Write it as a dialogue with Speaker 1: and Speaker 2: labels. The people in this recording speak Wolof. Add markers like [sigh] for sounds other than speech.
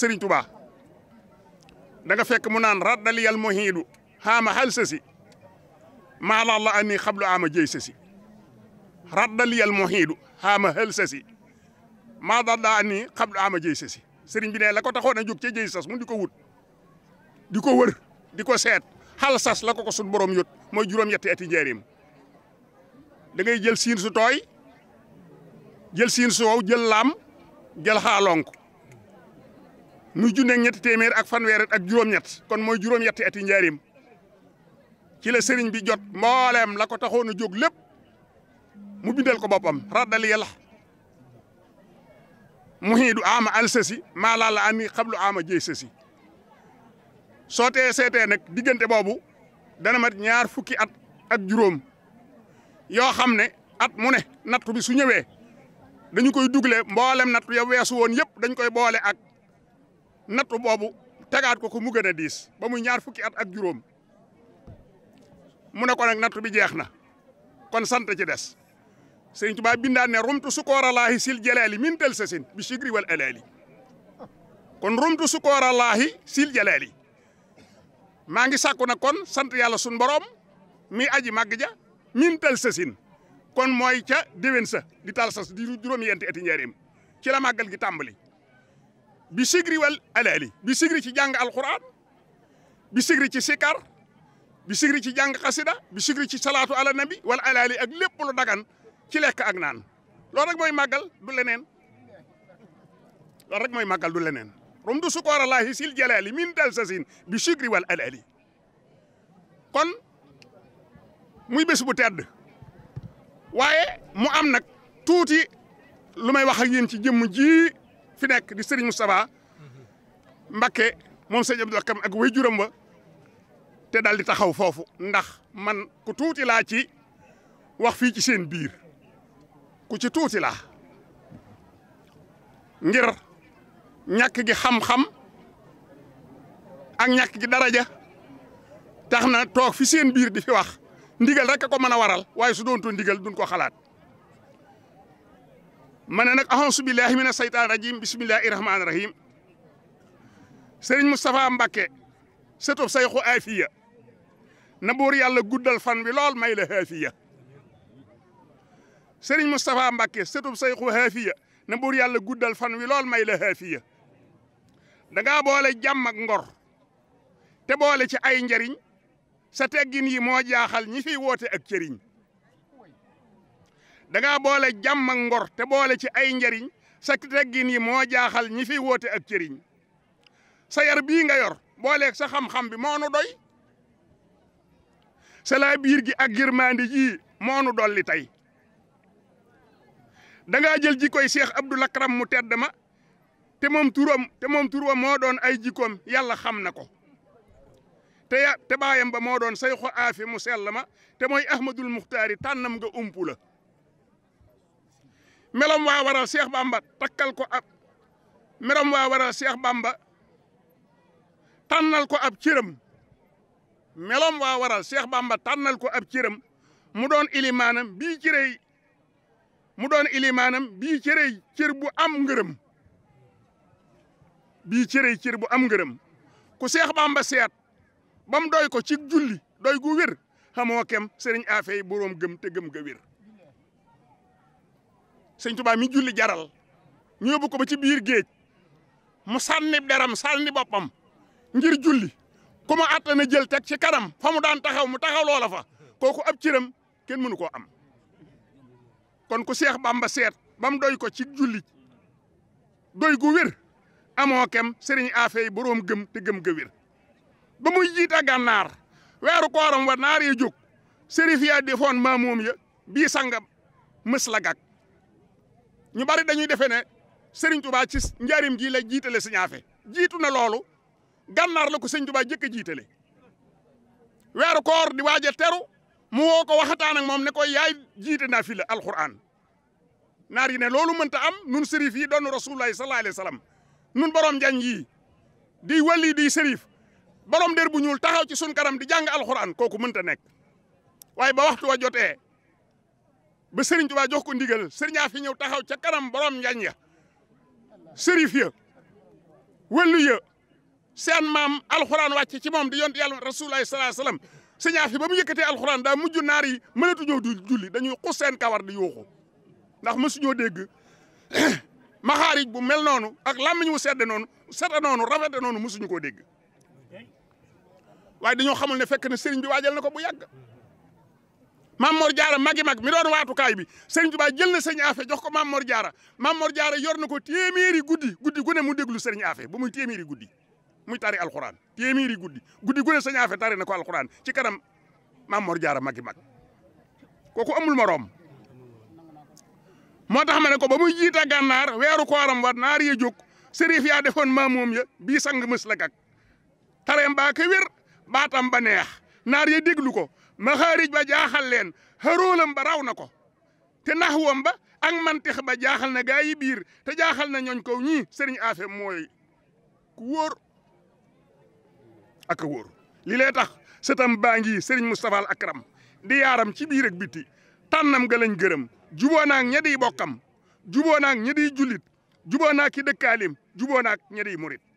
Speaker 1: sëriñ Touba da nga fekk mu naan raddali yal muhiidu xaama xal sa si maala la ani xablu ama jëy sa si raddali yal muhiidu xaama xal sa si maala la ani xablu ama sëriñ bi ne la ko taxoon a jóg ca jëy sas di ko wut di ko wër di ko seet xal sas la ko ko sut borom yot mooy juróom-ñetti ati njëriñ da jël siin su tooy jël siin su jël laam jël xaalonk muy junne ak ñetti téeméer ak fanweer ak juróom-ñett kon mooy juróom-ñetti ati njaarim ci la sëriñ bi jot mbooleem la ko taxoon a jóg lépp mu bindal ko boppam raddal yàlla muhiidu ama al sësi maa laa la ani xablu ama jëy sësi soo tee seetee nag diggante boobu dana mat ñaar fukki at ak juróom yoo xam ne at mu ne nattu bi su ñëwee dañu koy dugle mboolem nattu ya weesu woon yëpp dañ koy boole ak nattu boobu tegaat ko ko mu gën diis ba muy ñaar fukki at ak juróom mu ne ko nattu bi jeex na kon sant ci des Sëriñ baa bindaan ne rumtu sukooralaahi sil jalaali min tel sasin bi sigri wal alaali kon rumtu sukooralaahi sil jalaali maa ngi sàkku na kon sant yàlla sun borom mi aji màgg ja min tel sasin kon mooy ca déwén sa di tal sas di juróom-yenti ati njaareem ci la màggal gi tàmbali bi sigri wal alaali bi sigri ci jàng alquran bi sigri ci sikar bi sigri ci jàng xasida bi sigri ci salaatu ala nabi wal alaali ak lépp lu dagan ci lekk ak naan loolu rek mooy màggal du leneen loolu rek mooy màggal du leneen rumdu sukooralaahi sil jalaali min dal sasin bi sigri wal alaali kon muy bés bu tedd waaye mu am nag tuuti lu may wax ak yéen ci jëmm ji fi nekk di Serigne Moustapha Mbacké moom sëñ Abdou Akam ak way juram te daal di taxaw foofu ndax man ku tuuti laa ci wax fii ci seen biir ku ci tuuti laa ngir ñàkk gi xam-xam ak ñàkk gi daraja tax na toog fi seen biir di fi wax ndigal rek a ko mën a waral waaye su doon to ndigal duñ ko xalaat ma ne nag ahonsu billahi mina seytaan rajim bismillahi rahmaani rahim sëriñ Moustapha Mbakke sëtub sayxu aafiya na buur yàlla guddal fan bi lool may la haafiya sëriñ Moustapha Mbakke sëtub sayxu haafiya na buur yàlla guddal fan wi lool may la haafiya dangaa boole jàmm ak ngor te boole ci ay njariñ sa teggin yi moo jaaxal ñi fiy woote ak cëriñ da boole jàmm ngor te boole ci ay njariñ sa teggin yi moo jaaxal ñi fi woote ak cëriñ sa yar bii nga yor booleeg sa xam-xam bi moo nu doy sa la biir gi ak girmaandi ji moo nu dolli tey da jël jikkoy Cheikh Abdoul Akram mu tedd ma te moom turam te moom tur moo doon ay jikkoom yàlla xam na ko te te baayam ba moo doon sayxu aafi mu sell ma te mooy Ahmadul Muxtaari tànnam nga umpu melam waa waral Cheikh Bamba takkal ko ab melam waa waral Cheikh Bamba tànnal ko ab cëram melam waa waral Cheikh Bamba tànnal ko ab cëram mu doon ilimaanam bii cërëy mu doon ilimaanam bii cërëy cër bu am ngërëm bii cërëy cër bu am ngërëm ku Cheikh Bamba seet bam doy ko ci julli doy gu wér xamoo kem sëriñ affaire yi boroom gëm te gëm ga wér sëñ Tuubaa mi julli jaral ñu yóbbu ko ba ci biir géej mu sànni deram sànni boppam ngir julli ku ma àttana jël teg ci kanam fa mu daan taxaw mu taxaw loola fa kooku ab cëram kenn mënu ko am kon ku Seex Bàmba seet bam doy ko ci julli doy gu wér amoo kem sëriñ afey boroom gëm te gëm ga wér ba muy jiita gànnaar weeru kooram wa naar yi jóg sëriñ fiya defoon maamoom ya bii sangam mës la ñu bari dañuy defee ne Serigne Touba ci njaarim jii la jiitale Sëñ Afe jiitu na loolu gànnaar la ko Sëñ Touba jëkk a jiitale weeru koor di waaj a teru mu woo ko waxataan ak moom ne ko yaay jiite naa fi alxuraan naar yi ne loolu mënta am nun sërif yi doon rasulullahi sallallahu alayhi wa sallam nun borom njañ yii di wali di sërif borom der bu ñuul taxaw ci sun kanam di jàng alxuraan kooku mënta nekk waaye ba waxtu wa jotee ba Serigne waa jox ko ndigal Serigne a fi ñëw taxaw ca kanam borom njañ ya sërif ya seen maam alxuraan wàcc ci moom di yont yàlla rasulullahi salaa salaam Serigne a fi ba mu yëkkatee alxuraan daa mujj naar yi mënatuñoo du julli dañuy xus seen kawar di yuuxu ndax mësuñoo dégg [coughs] maxaarij bu mel noonu ak lamiñ wu sedd noonu sedd noonu rafet noonu mësuñu koo dégg waaye dañoo xamul ne fekk na Serigne bi waajal na ko bu yàgg. maam Mor Diarra magi mag mi doon waatukaay bi sëriñ Tuubaa jël na sëriñ Afe jox ko maam Mor Diarra maam Mor Diarra yor na ko téeméeri guddi guddi gu ne mu déglu sëriñ Afe ba muy téeméeri guddi muy tari alxuraan téeméeri guddi guddi gu ne sëriñ Afe tari na ko alxuraan ci kanam maam Mor Diarra magi mag kooku amul moroom moo tax ma ne ko ba muy jiita gànnaar weeru kooram war naar ya jóg sëriif yaa defoon maam moom bii sang mës la gag tareem baa ko wér baatam ba neex naar ya déglu ko maxaarij ba jaaxal leen xaróolam ba raw na ko te naxwam ba ak mantix ba jaaxal na gaa yi biir te jaaxal na ñooñ kaw ñii sëriñ Afe mooy ku wóor ak a wóor li lay tax sëtam baa ngi sëriñ Moustapha al di yaaram ci biir ak biti tànnam ga gërëm juboo naak ña di bokkam juboo naak ña julit jullit juboo naak ki dëkkaalim juboo naak ña di murit